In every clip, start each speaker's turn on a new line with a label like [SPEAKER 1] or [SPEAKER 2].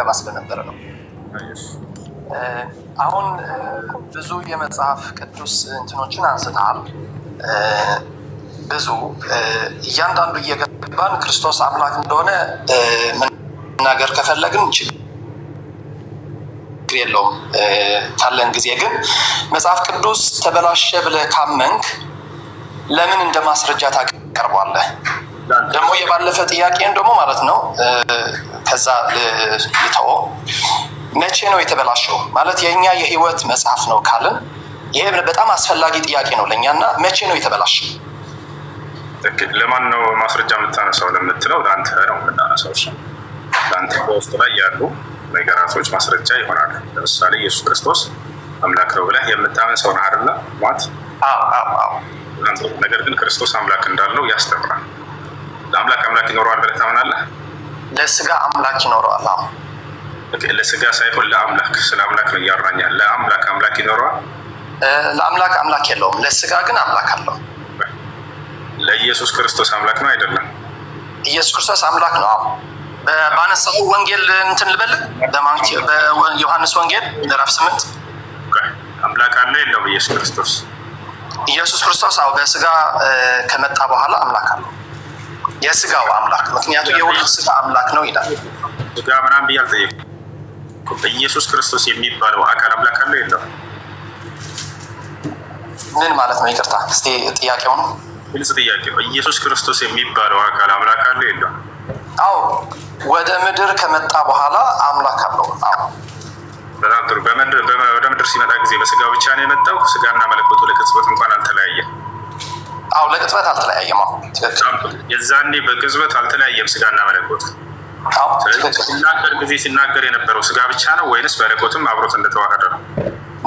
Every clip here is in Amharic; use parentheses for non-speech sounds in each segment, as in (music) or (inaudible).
[SPEAKER 1] ገባ ስለነበረ ነው። አሁን ብዙ የመጽሐፍ ቅዱስ እንትኖችን አንስተሃል። ብዙ እያንዳንዱ እየገባን ክርስቶስ አምላክ እንደሆነ መናገር ከፈለግን ችግር የለውም። ካለን ጊዜ ግን መጽሐፍ ቅዱስ ተበላሸ ብለህ ካመንክ ለምን እንደ ማስረጃ ታቀርቧለህ? ደግሞ የባለፈ ጥያቄን ደግሞ ማለት ነው ከዛ ልተወ። መቼ ነው የተበላሸው ማለት የእኛ የህይወት መጽሐፍ ነው ካልን ይሄ በጣም አስፈላጊ ጥያቄ ነው ለእኛ እና መቼ ነው የተበላሸው?
[SPEAKER 2] ለማን ነው ማስረጃ የምታነሳው ለምትለው ለአንተ ነው የምናነሳው። እሱ ለአንተ በውስጡ ላይ ያሉ ነገራቶች ማስረጃ ይሆናል። ለምሳሌ ኢየሱስ ክርስቶስ አምላክ ነው ብለህ የምታመን ሰው ነህ አይደለ? ሟት ነገር ግን ክርስቶስ አምላክ እንዳለው ያስተምራል። ለአምላክ አምላክ ይኖረዋል ብለህ ታምናለህ?
[SPEAKER 1] ለስጋ አምላክ ይኖረዋል። አሁን
[SPEAKER 2] ለስጋ ሳይሆን ለአምላክ ስለ አምላክ ነው እያወራኛል። ለአምላክ አምላክ ይኖረዋል።
[SPEAKER 1] ለአምላክ አምላክ የለውም፣ ለስጋ ግን አምላክ አለው።
[SPEAKER 2] ለኢየሱስ ክርስቶስ አምላክ ነው አይደለም?
[SPEAKER 1] ኢየሱስ ክርስቶስ አምላክ ነው። አሁን ባነሳው ወንጌል እንትን ልበል፣ በዮሐንስ ወንጌል ምዕራፍ ስምንት
[SPEAKER 2] አምላክ አለ የለውም? ኢየሱስ ክርስቶስ
[SPEAKER 1] ኢየሱስ ክርስቶስ አዎ በስጋ ከመጣ በኋላ አምላክ አለው። የስጋው አምላክ ምክንያቱም የሁሉ ስጋ አምላክ ነው ይላል።
[SPEAKER 2] ስጋ ምናምን ብዬ አልጠየኩም። ኢየሱስ ክርስቶስ የሚባለው አካል አምላክ አለው የለው?
[SPEAKER 1] ምን ማለት ነው? ይቅርታ እስኪ ጥያቄው ነው
[SPEAKER 2] ግልጽ ጥያቄ። ኢየሱስ ክርስቶስ የሚባለው አካል አምላክ አለ የለው?
[SPEAKER 1] አዎ ወደ ምድር ከመጣ በኋላ አምላክ አለው።
[SPEAKER 2] በጣም ጥሩ። ወደ ምድር ሲመጣ ጊዜ በስጋ ብቻ ነው የመጣው። ስጋና መለኮቱ ለቅጽበት እንኳን አልተለያየም።
[SPEAKER 1] አዎ ለቅጽበት አልተለያየም። አሁን
[SPEAKER 2] ትክክል። የዛኔ በቅጽበት አልተለያየም ስጋና መለኮት። ሲናገር ጊዜ ሲናገር የነበረው ስጋ ብቻ ነው ወይንስ መለኮትም አብሮት እንደተዋሃደ ነው?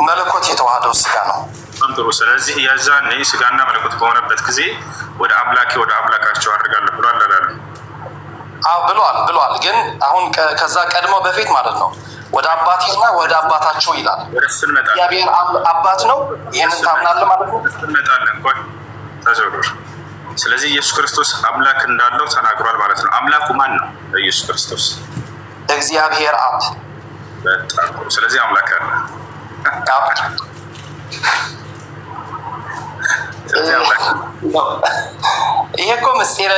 [SPEAKER 1] መለኮት የተዋሃደው ስጋ ነው።
[SPEAKER 2] ጥሩ። ስለዚህ የዛኔ ስጋና መለኮት በሆነበት ጊዜ ወደ አምላኬ ወደ አምላካቸው አድርጋለሁ ብሎ አላላለ?
[SPEAKER 1] አዎ ብሏል፣ ብሏል። ግን አሁን ከዛ ቀድሞ በፊት ማለት ነው ወደ አባቴና ወደ አባታቸው ይላል።
[SPEAKER 2] እግዚአብሔር
[SPEAKER 1] አባት ነው። ይህንን ታምናለህ ማለት ነው።
[SPEAKER 2] እንመጣለን ተዘውር። ስለዚህ ኢየሱስ ክርስቶስ አምላክ እንዳለው ተናግሯል ማለት ነው። አምላኩ ማን ነው? ኢየሱስ ክርስቶስ
[SPEAKER 1] እግዚአብሔር አብ።
[SPEAKER 2] በጣም ጥሩ። ስለዚህ አምላክ አለ።
[SPEAKER 1] ይሄ እኮ ምስጢረ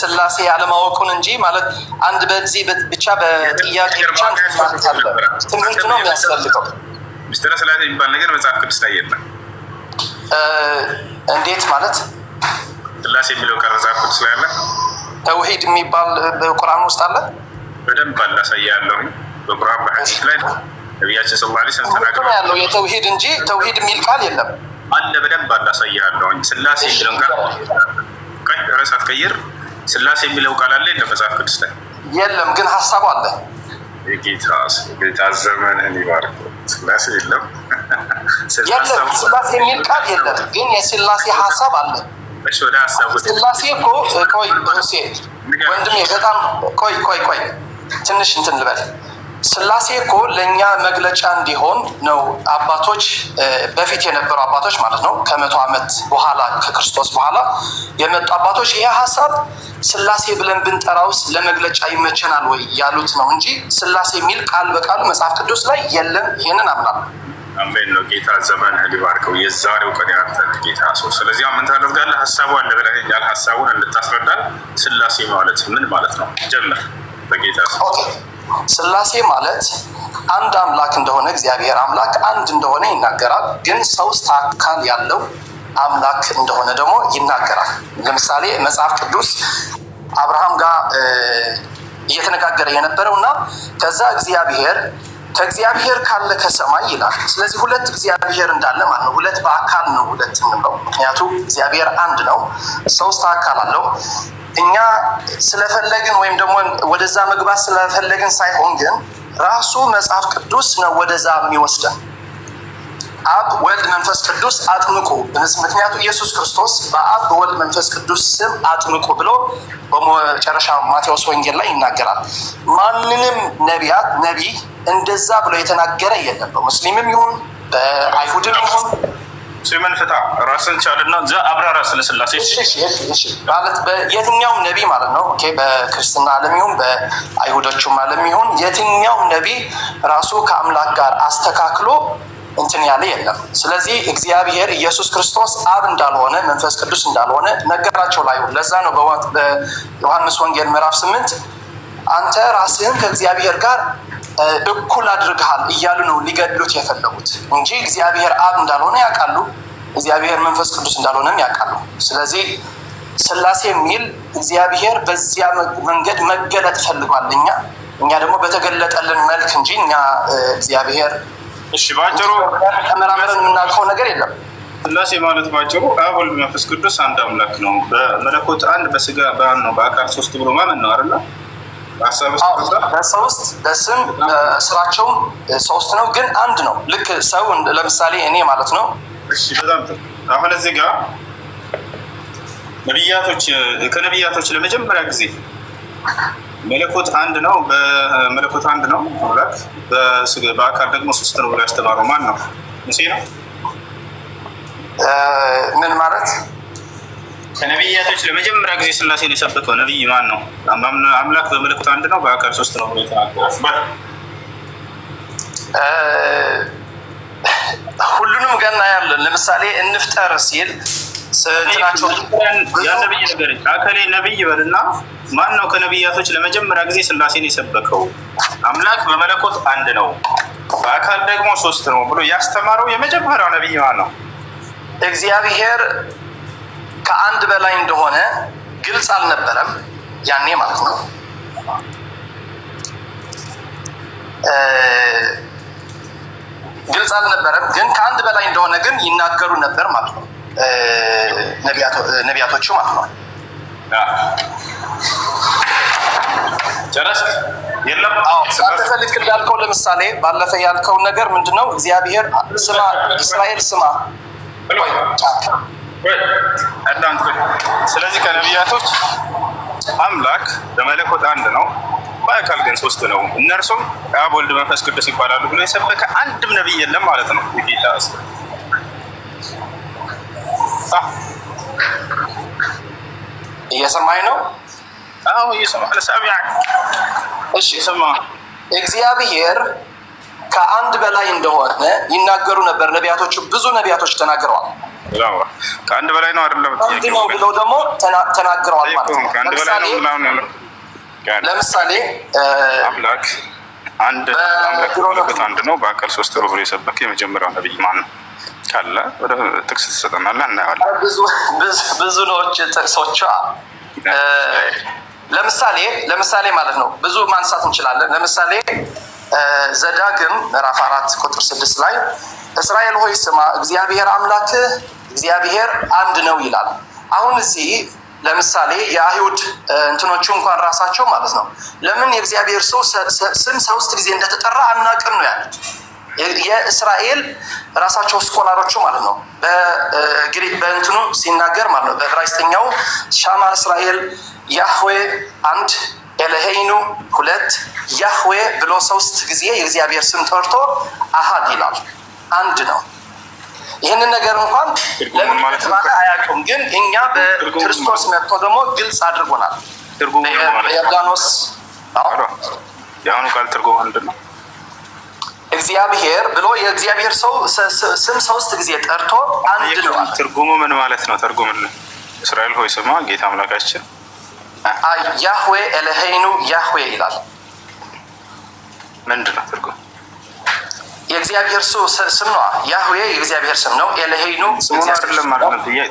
[SPEAKER 1] ስላሴ አለማወቁን እንጂ ማለት አንድ በዚህ ብቻ በጥያቄ ብቻ ትምህርት ነው የሚያስፈልገው።
[SPEAKER 2] ምስጢረ ስላሴ የሚባል ነገር መጽሐፍ ቅዱስ ላይ የለም።
[SPEAKER 1] እንዴት ማለት
[SPEAKER 2] ስላሴ የሚለው ቀረጻ ቁጭ ስላለ
[SPEAKER 1] ተውሂድ የሚባል በቁርአን ውስጥ አለ።
[SPEAKER 2] በደንብ አላሳያለሁ። በቁርአን በሐዲስ ላይ ነቢያችን ስለ ላ ስለም
[SPEAKER 1] ተናግረ ያለው የተውሂድ እንጂ ተውሂድ የሚል ቃል የለም
[SPEAKER 2] አለ። በደንብ አላሳያለሁ። ስላሴ የሚለው ቃል ረስ አትቀይር። ስላሴ የሚለው ቃል አለ የለም መጽሐፍ ቅዱስ ላይ
[SPEAKER 1] የለም፣ ግን ሀሳቡ አለ።
[SPEAKER 2] የጌታ ጌታ ዘመንህን ይባርክ ስላሴ የለም
[SPEAKER 1] (laughs) የለም ስላሴ የሚል ቃል የለም፣ ግን የስላሴ ሀሳብ አለ። ስላሴ እኮ ቆይ፣ ወንድሜ በጣም ቆይ ቆይ ቆይ፣ ትንሽ እንትን ልበል ስላሴ እኮ ለእኛ መግለጫ እንዲሆን ነው አባቶች በፊት የነበሩ አባቶች ማለት ነው። ከመቶ ዓመት በኋላ ከክርስቶስ በኋላ የመጡ አባቶች ይህ ሀሳብ ስላሴ ብለን ብንጠራውስ ለመግለጫ ይመቸናል ወይ ያሉት ነው እንጂ ስላሴ የሚል ቃል በቃሉ መጽሐፍ ቅዱስ ላይ የለም። ይህንን አምናል።
[SPEAKER 2] አሜን ነው ጌታ ዘመን ሊባርከው የዛሬው ቀን ያርተን ጌታ ሰው። ስለዚህ ምን ታደርጋለህ? ሀሳቡ አለ ብለኸኛል። ሀሳቡን እንድታስረዳል ስላሴ ማለት ምን ማለት ነው? ጀምር በጌታ
[SPEAKER 1] ሰው ስላሴ ማለት አንድ አምላክ እንደሆነ እግዚአብሔር አምላክ አንድ እንደሆነ ይናገራል። ግን ሶስት አካል ያለው አምላክ እንደሆነ ደግሞ ይናገራል። ለምሳሌ መጽሐፍ ቅዱስ አብርሃም ጋር እየተነጋገረ የነበረው እና ከዛ እግዚአብሔር ከእግዚአብሔር ካለ ከሰማይ ይላል። ስለዚህ ሁለት እግዚአብሔር እንዳለ ማለት ነው። ሁለት በአካል ነው ሁለት የምንለው ምክንያቱ እግዚአብሔር አንድ ነው፣ ሶስት አካል አለው። እኛ ስለፈለግን ወይም ደግሞ ወደዛ መግባት ስለፈለግን ሳይሆን ግን ራሱ መጽሐፍ ቅዱስ ነው ወደዛ የሚወስደን አብ ወልድ መንፈስ ቅዱስ አጥምቁ። ምክንያቱ ኢየሱስ ክርስቶስ በአብ በወልድ መንፈስ ቅዱስ ስም አጥምቁ ብሎ በመጨረሻ ማቴዎስ ወንጌል ላይ ይናገራል። ማንንም ነቢያት ነቢይ እንደዛ ብሎ የተናገረ የለም። በሙስሊምም ይሁን በአይሁድም ይሁን
[SPEAKER 2] ስምን ፍታ ራስን ቻልና ዛ አብራራ ስለስላሴ
[SPEAKER 1] ማለት የትኛውም ነቢ ማለት ነው። ኦኬ በክርስትና ዓለም ይሁን በአይሁዶቹም ዓለም ይሁን የትኛውም ነቢ ራሱ ከአምላክ ጋር አስተካክሎ እንትን ያለ የለም። ስለዚህ እግዚአብሔር ኢየሱስ ክርስቶስ አብ እንዳልሆነ መንፈስ ቅዱስ እንዳልሆነ ነገራቸው ላይ ለዛ ነው በዮሐንስ ወንጌል ምዕራፍ ስምንት አንተ ራስህን ከእግዚአብሔር ጋር እኩል አድርገሃል እያሉ ነው ሊገድሉት የፈለጉት እንጂ እግዚአብሔር አብ እንዳልሆነ ያውቃሉ። እግዚአብሔር መንፈስ ቅዱስ እንዳልሆነም ያውቃሉ። ስለዚህ ስላሴ የሚል እግዚአብሔር በዚያ መንገድ መገለጥ ፈልጓል። እኛ እኛ ደግሞ በተገለጠልን መልክ እንጂ እኛ እግዚአብሔር ተመራምረን የምናውቀው ነገር የለም።
[SPEAKER 2] ስላሴ ማለት ባጭሩ አብ ወልድ መንፈስ ቅዱስ አንድ አምላክ ነው። በመለኮት አንድ በስጋ በአን ነው በአካል ሶስት ብሎ ማመን ነው አይደለ? በሶስት
[SPEAKER 1] በስም ስራቸውም ሶስት ነው፣ ግን አንድ ነው። ልክ ሰው ለምሳሌ እኔ ማለት ነው።
[SPEAKER 2] አሁን እዚህ ጋር ነቢያቶች ከነቢያቶች ለመጀመሪያ ጊዜ መለኮት አንድ ነው፣ በመለኮት አንድ ነው አምላክ፣ በአካል ደግሞ ሶስት ነው ብሎ ያስተማረው ማን ነው? ሙሴ ነው። ምን ማለት ከነቢያቶች ለመጀመሪያ ጊዜ ስላሴን የሰበከው ነቢይ ማን ነው? አምላክ በመለኮት አንድ ነው፣ በአካል ሶስት ነው ብሎ
[SPEAKER 1] ሁሉንም ገና ያለን ለምሳሌ እንፍጠር ሲል
[SPEAKER 2] ነብይ ነገር አከሌ ነብይ በልና ማን ነው ከነቢያቶች ለመጀመሪያ ጊዜ ስላሴን የሰበከው? አምላክ በመለኮት አንድ ነው፣ በአካል ደግሞ ሶስት ነው ብሎ ያስተማረው የመጀመሪያው ነብይ ማን ነው?
[SPEAKER 1] እግዚአብሔር ከአንድ በላይ እንደሆነ ግልጽ አልነበረም ያኔ ማለት ነው። ግልጽ አልነበረም፣ ግን ከአንድ በላይ እንደሆነ ግን ይናገሩ ነበር ማለት ነው ነቢያቶቹ ማለት ነው።
[SPEAKER 2] ጨረስ የለም
[SPEAKER 1] አንተ እንዳልከው ለምሳሌ ባለፈ ያልከውን ነገር ምንድነው? እግዚአብሔር ስማ፣ እስራኤል ስማ
[SPEAKER 2] ስለዚህ ከነቢያቶች አምላክ በመለኮት አንድ ነው፣ በአካል ግን ሶስት ነው። እነርሱም አብ፣ ወልድ፣ መንፈስ ቅዱስ ይባላሉ ብሎ የሰበከ አንድም ነቢይ የለም ማለት ነው። የጌታ
[SPEAKER 1] እየሰማኝ ነው።
[SPEAKER 2] አዎ እየሰማ ለሰሚያ እሺ፣ ሰማ
[SPEAKER 1] እግዚአብሔር ከአንድ በላይ እንደሆነ ይናገሩ ነበር ነቢያቶቹ። ብዙ ነቢያቶች ተናግረዋል።
[SPEAKER 2] ከአንድ በላይ ነው አይደለም።
[SPEAKER 1] አንድ ነው ብለው ደግሞ ተናግረዋል
[SPEAKER 2] ማለት ነው። ለምሳሌ አምላክ አንድ አንድ ነው፣ በአካል ሶስት ነው ብሎ የሰበከ የመጀመሪያው ነብይ ማን ነው ካለ ወደ ጥቅስ ትሰጠናለህ፣ እናየዋለን።
[SPEAKER 1] ብዙ ነዎች ጥቅሶቿ። ለምሳሌ ለምሳሌ ማለት ነው ብዙ ማንሳት እንችላለን። ለምሳሌ ዘዳግም ምዕራፍ አራት ቁጥር ስድስት ላይ እስራኤል ሆይ ስማ፣ እግዚአብሔር አምላክህ እግዚአብሔር አንድ ነው ይላል። አሁን እዚህ ለምሳሌ የአይሁድ እንትኖቹ እንኳን ራሳቸው ማለት ነው ለምን የእግዚአብሔር ሰው ስም ሶስት ጊዜ እንደተጠራ አናቅም ነው ያሉት። የእስራኤል ራሳቸው ስኮላሮቹ ማለት ነው በግሪክ በእንትኑ ሲናገር ማለት ነው በዕብራይስጥኛው ሻማ እስራኤል ያህዌ አንድ ኤልሄይኑ ሁለት ያህዌ ብሎ ሶስት ጊዜ የእግዚአብሔር ስም ጠርቶ አሃድ ይላል። አንድ ነው። ይህንን ነገር እንኳን ለምንትባለ አያውቁም። ግን እኛ በክርስቶስ መጥቶ ደግሞ ግልጽ አድርጎናል። ዮርዳኖስ
[SPEAKER 2] የአሁኑ ቃል ትርጉም ምንድን ነው?
[SPEAKER 1] እግዚአብሔር ብሎ የእግዚአብሔር ሰው ስም ሶስት ጊዜ ጠርቶ አንድ ነው።
[SPEAKER 2] ትርጉሙ ምን ማለት ነው? ትርጉም እስራኤል ሆይ ስማ፣ ጌታ አምላካችን
[SPEAKER 1] ያህዌ ኤለሄይኑ ያህዌ ይላል።
[SPEAKER 2] ምንድን ነው ትርጉም
[SPEAKER 1] የእግዚአብሔር ስም ነው። ያህዌ የእግዚአብሔር ስም ነው። ኤልሄ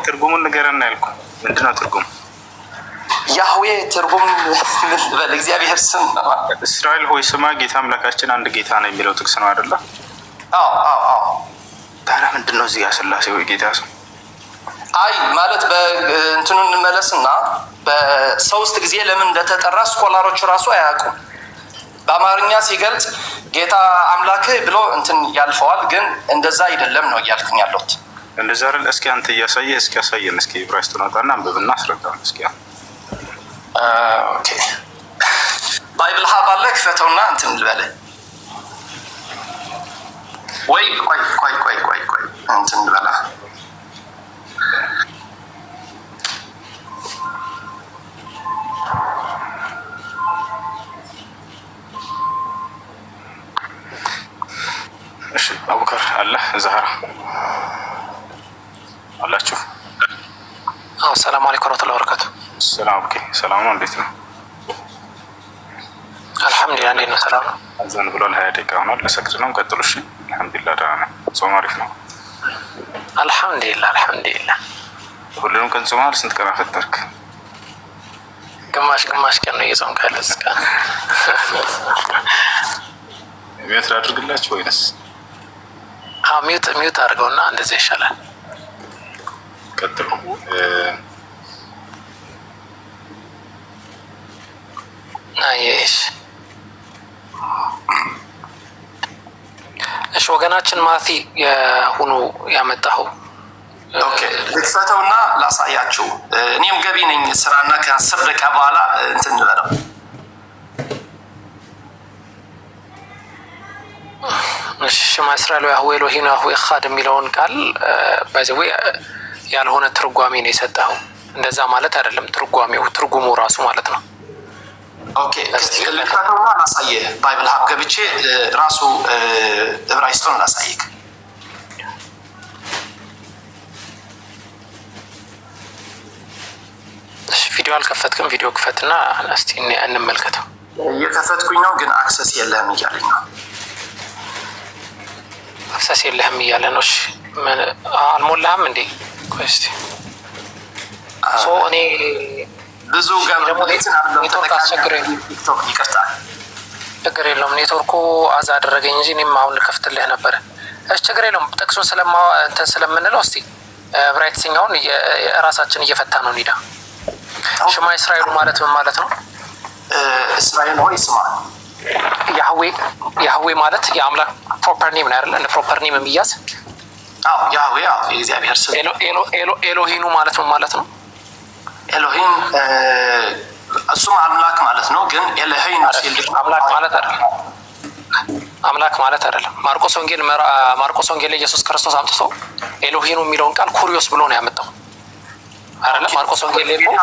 [SPEAKER 2] ትርጉሙን ንገረና ያልኩ ምንድን ነው ትርጉሙ?
[SPEAKER 1] ያህዌ ትርጉም ምንበል? እግዚአብሔር ስም ነው።
[SPEAKER 2] እስራኤል ሆይ ስማ ጌታ አምላካችን አንድ ጌታ ነው የሚለው ጥቅስ ነው አይደለ? ታዲያ ምንድን ነው እዚህ ስላሴ ወይ ጌታ ስም?
[SPEAKER 1] አይ ማለት በእንትኑ እንመለስና በሰውስት ጊዜ ለምን እንደተጠራ ስኮላሮች ራሱ አያውቁም። በአማርኛ ሲገልጽ ጌታ አምላክህ ብሎ እንትን ያልፈዋል። ግን እንደዛ አይደለም ነው እያልኩኝ ያለሁት።
[SPEAKER 2] እንደዛ አይደል? እስኪ አንተ እያሳየ እስኪ ያሳየን። እስኪ ዕብራይስጥ ናውጣና አንብብና አስረዳን እስኪ።
[SPEAKER 1] ባይብል ሀብ አለ፣ ክፈተውና እንትን ልበልህ ወይ ቆይ ቆይ ቆይ ቆይ ቆይ እንትን ልበላ
[SPEAKER 2] ዛህራ አላችሁ?
[SPEAKER 1] አሰላሙ አለይኩም ወረህመቱላሂ ወበረካቱ።
[SPEAKER 2] ሰላም ኦኬ፣ ሰላም ነው። እንዴት ነው?
[SPEAKER 1] አልሐምዱሊላህ። እንዴት ነው? ሰላም ነው።
[SPEAKER 2] አዛን ብሏል። ሀያ ደቂቃ ሆኗል። ለሰግድ ነው። ቀጥሉ። እሺ። አልሐምዱሊላህ ደህና ነው። ጾም አሪፍ ነው።
[SPEAKER 1] አልሐምዱሊላህ፣ አልሐምዱሊላህ።
[SPEAKER 2] ሁሉንም ቀን ጾመሃል? ስንት ቀን አፈጠርክ?
[SPEAKER 1] ግማሽ ግማሽ ቀን ነው እየጾምክ ያለ እስከ
[SPEAKER 2] ሚያትር አድርግላችሁ ወይንስ
[SPEAKER 1] ሚዩት ሚዩት አድርገውና እንደዚያ ይሻላል። ቀጥሉ። አየሽ እሺ፣ ወገናችን ማቲ የሁኑ ያመጣኸው
[SPEAKER 2] ልክፈተውና ላሳያችሁ። እኔም ገቢ ነኝ ስራና ከአስር ደቂቃ በኋላ እንትን ልበለው
[SPEAKER 1] ሸማ እስራኤል ያሁ ኤሎሂም ያሁ ኤካድ የሚለውን ቃል ባይዘዌ ያልሆነ ትርጓሜ ነው የሰጠው። እንደዛ ማለት አይደለም ትርጓሜው፣ ትርጉሙ ራሱ ማለት ነው።
[SPEAKER 2] ኦኬ ባይብል ሀብ ገብቼ ራሱ እብራይስቶን ላሳይክ።
[SPEAKER 1] ቪዲዮ አልከፈትክም? ቪዲዮ ክፈትና እስቲ እንመልከተው።
[SPEAKER 2] እየከፈትኩኝ ነው ግን አክሰስ የለህም እያለኝ ነው
[SPEAKER 1] አክሰስ የለህም እያለ ነው። አልሞላህም እንዴ? ኮስቲ እኔ ብዙ ኔትወርክ አስቸግረኝ። ችግር የለውም ኔትወርኩ አዛ አደረገኝ እንጂ እኔም አሁን ልከፍትልህ ነበረ። እሺ ችግር የለውም። ጥቅሱን ስለማ እንትን ስለምንለው እስቲ ብራይት ሲኛውን ራሳችን እየፈታ ነው ኒዳ ሽማ እስራኤሉ ማለት ምን ማለት ነው?
[SPEAKER 2] እስራኤል ሆይ ስማ
[SPEAKER 1] ያህዌ ያህዌ ማለት የአምላክ ፕሮፐር ኔም ነው እንደ ፕሮፐር ኔም የሚያዝ
[SPEAKER 2] ያህዌ የእግዚአብሔር ስም።
[SPEAKER 1] ኤሎሂኑ ማለት ነው ማለት ነው።
[SPEAKER 2] ኤሎሂም እሱም አምላክ ማለት ነው። ግን ኤሎሂም
[SPEAKER 1] አምላክ ማለት አይደለም። አምላክ ማለት አይደለም። ማርቆስ ወንጌል ማርቆስ ወንጌል ኢየሱስ ክርስቶስ አምጥቶ ኤሎሂኑ የሚለውን ቃል ኩሪዮስ ብሎ ነው ያመጣው። አይደለም ማርቆስ ወንጌል የለውም።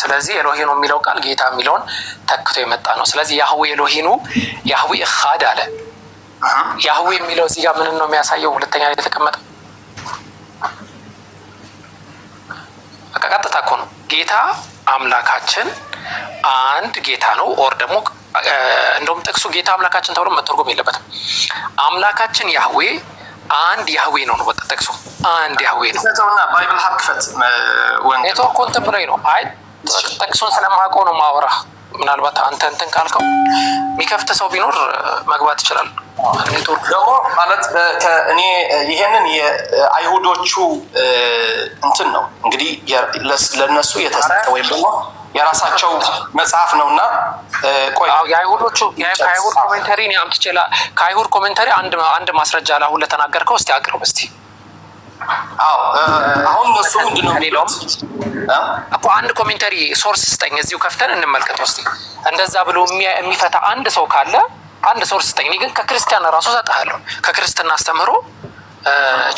[SPEAKER 1] ስለዚህ ኤሎሄ ነው የሚለው ቃል ጌታ የሚለውን ተክቶ የመጣ ነው። ስለዚህ ያህዌ ኤሎሄ ነው ያህዌ እኻድ አለ። ያህዌ የሚለው እዚህ ጋር ምንን ነው የሚያሳየው? ሁለተኛ ላይ የተቀመጠው በቃ ቀጥታ እኮ ነው። ጌታ አምላካችን አንድ ጌታ ነው። ኦር ደግሞ እንደውም ጥቅሱ ጌታ አምላካችን ተብሎ መተርጎም የለበትም። አምላካችን ያህዌ አንድ ያህዌ ነው ነው በቃ ጠቅሶ አንድ ያህዌ ነው።
[SPEAKER 2] ባይብል
[SPEAKER 1] ኮንተምፕራሪ ነው። አይ ጠቅሶን ስለማውቀው ነው ማወራ። ምናልባት አንተ እንትን ካልከው የሚከፍት ሰው ቢኖር መግባት ይችላል።
[SPEAKER 2] ኔትወርክ ደግሞ ማለት እኔ ይሄንን የአይሁዶቹ እንትን ነው እንግዲህ ለእነሱ የተሰጠ ወይም ደግሞ የራሳቸው መጽሐፍ ነው እና
[SPEAKER 1] የአይሁዶቹ ከአይሁድ ኮሜንተሪ አምጥቼ ከአይሁድ ኮሜንተሪ አንድ ማስረጃ ላሁን ለተናገርከው እስቲ አቅርብ እስቲ።
[SPEAKER 2] አዎ አሁን እሱ ምንድን ነው የሚለውም
[SPEAKER 1] እኮ አንድ ኮሜንተሪ ሶርስ ስጠኝ፣ እዚሁ ከፍተን እንመልከት ውስጥ እንደዛ ብሎ የሚፈታ አንድ ሰው ካለ አንድ ሶርስ ስጠኝ። ግን ከክርስቲያን ራሱ ሰጠሃለሁ። ከክርስትና አስተምህሮ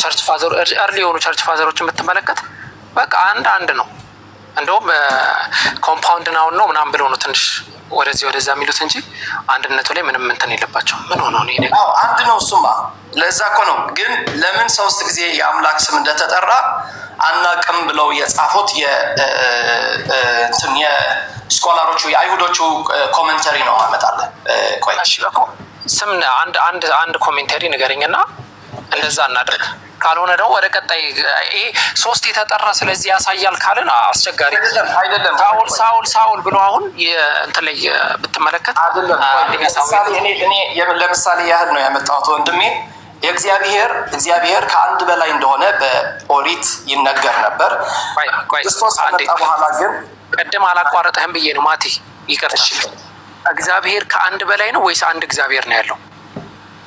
[SPEAKER 1] ቸርች ፋዘሮ እርሊ የሆኑ ቸርች ፋዘሮች የምትመለከት በቃ አንድ አንድ ነው እንደውም ኮምፓውንድ ናውን ነው ምናምን ብለው ነው ትንሽ ወደዚህ ወደዛ የሚሉት እንጂ አንድነቱ ላይ ምንም እንትን የለባቸው። ምን ሆነ
[SPEAKER 2] ነው አንድ ነው እሱማ። ለዛ እኮ ነው ግን ለምን ሶስት ጊዜ የአምላክ ስም እንደተጠራ አናቅም ብለው የጻፉት እንትን የስኮላሮቹ የአይሁዶቹ ኮሜንተሪ ነው። አመጣለን ቆይ
[SPEAKER 1] ስም አንድ አንድ ኮሜንተሪ ንገረኝና እንደዛ እናድርግ። ካልሆነ ደግሞ ወደ ቀጣይ ይሄ ሶስት የተጠራ ስለዚህ ያሳያል ካልን አስቸጋሪ አይደለም። ሳውል ሳውል ሳውል ብሎ አሁን እንትን ላይ ብትመለከት
[SPEAKER 2] ለምሳሌ ያህል ነው ያመጣሁት ወንድሜ። የእግዚአብሔር እግዚአብሔር ከአንድ በላይ እንደሆነ በኦሪት ይነገር ነበር። ክርስቶስ ከመጣ በኋላ ግን
[SPEAKER 1] ቅድም አላቋረጠህም ብዬ ነው ማቴ፣ ይቅርታ። እግዚአብሔር ከአንድ በላይ ነው ወይስ አንድ እግዚአብሔር ነው ያለው?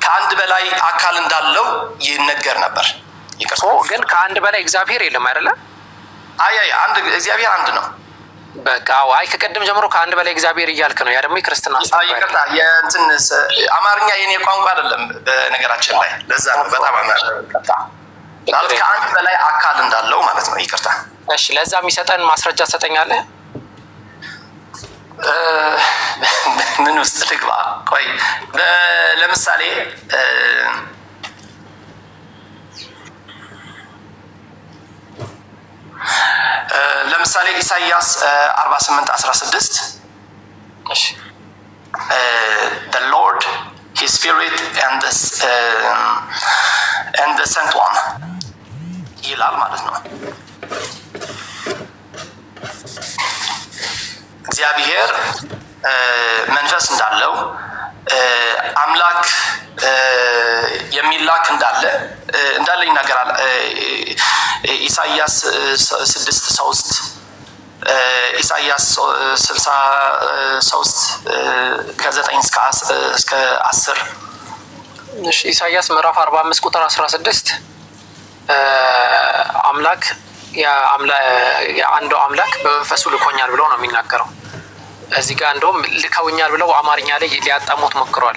[SPEAKER 2] ከአንድ በላይ አካል እንዳለው ይነገር ነበር።
[SPEAKER 1] ግን ከአንድ በላይ እግዚአብሔር የለም አይደለ?
[SPEAKER 2] አይ አይ አንድ እግዚአብሔር አንድ ነው።
[SPEAKER 1] በቃ አይ ከቀደም ጀምሮ ከአንድ በላይ እግዚአብሔር እያልክ ነው። ያ ደግሞ የክርስትና
[SPEAKER 2] ይቅርታ፣ የእንትን አማርኛ የኔ ቋንቋ አይደለም በነገራችን ላይ ለዛ ነው በጣም ከአንድ በላይ አካል እንዳለው ማለት ነው። ይቅርታ።
[SPEAKER 1] እሺ፣ ለዛ የሚሰጠን ማስረጃ ትሰጠኛለህ? ምን ውስጥ ልግባ? ቆይ ለምሳሌ ለምሳሌ ኢሳይያስ 48 16 the Lord his spirit and the, uh, and the sent one ይላል ማለት ነው። እግዚአብሔር መንፈስ እንዳለው አምላክ የሚላክ እንዳለ እንዳለ ይናገራል። ኢሳያስ ስድስት ሶስት ኢሳያስ ስልሳ ሶስት ከዘጠኝ እስከ እስከ አስር ኢሳያስ ምዕራፍ አርባ አምስት ቁጥር አስራ ስድስት አምላክ የአንዱ አምላክ በመንፈሱ ልኮኛል ብሎ ነው የሚናገረው። እዚህ ጋር እንደውም ልከውኛል ብለው አማርኛ ላይ ሊያጣሙት ሞክሯል።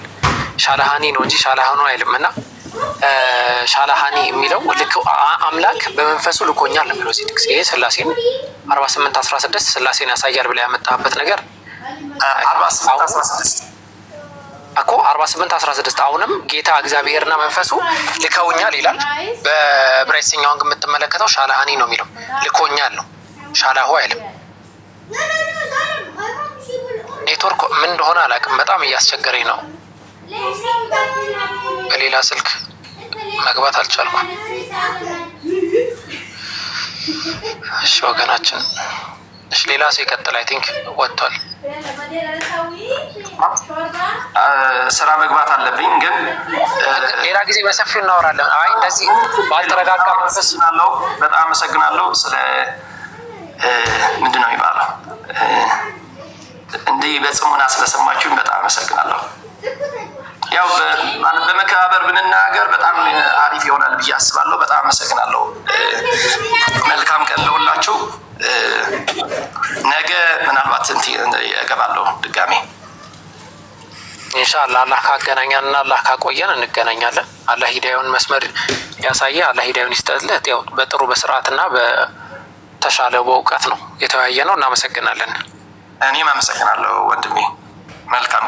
[SPEAKER 1] ሻላሃኒ ነው እንጂ ሻላሃኑ አይልም እና ሻላሃኒ የሚለው ልክ አምላክ በመንፈሱ ልኮኛል ነው የሚለው እዚህ ጥቅስ። ይሄ ስላሴን አርባ ስምንት አስራ ስድስት ስላሴን ያሳያል ብላ ያመጣበት ነገር እኮ አርባ ስምንት አስራ ስድስት አሁንም ጌታ እግዚአብሔርና መንፈሱ ልከውኛል ይላል። በዕብራይስጥኛውን የምትመለከተው ሻላሃኒ ነው የሚለው ልኮኛል ነው ሻላሁ አይልም። ኔትወርክ ምን እንደሆነ አላውቅም። በጣም እያስቸገረኝ ነው። በሌላ ስልክ መግባት አልቻልኩም። እሺ ወገናችን፣ እሺ ሌላ ሰው ይቀጥል። አይ ቲንክ ወጥቷል።
[SPEAKER 2] ስራ መግባት አለብኝ ግን
[SPEAKER 1] ሌላ ጊዜ በሰፊው እናወራለን። አይ እንደዚህ ባልተረጋጋ
[SPEAKER 2] መንፈስ በጣም አመሰግናለሁ። ስለ ምንድን ነው የሚባለው እንዲህ በጽሙና ስለሰማችሁኝ በጣም አመሰግናለሁ። ያው በመከባበር ብንናገር በጣም አሪፍ ይሆናል ብዬ አስባለሁ። በጣም አመሰግናለሁ። መልካም ቀን ለሁላችሁ። ነገ ምናልባት እገባለሁ ድጋሜ
[SPEAKER 1] ኢንሻአላ አላህ ካገናኛን እና አላህ ካቆየን እንገናኛለን። አላህ ሂዳዩን መስመር ያሳየ፣ አላህ ሂዳዩን ይስጠለት። ያው በጥሩ በስርዓትና በተሻለ በእውቀት ነው የተወያየ ነው። እናመሰግናለን።
[SPEAKER 2] እኔም አመሰግናለሁ ወንድሜ። መልካም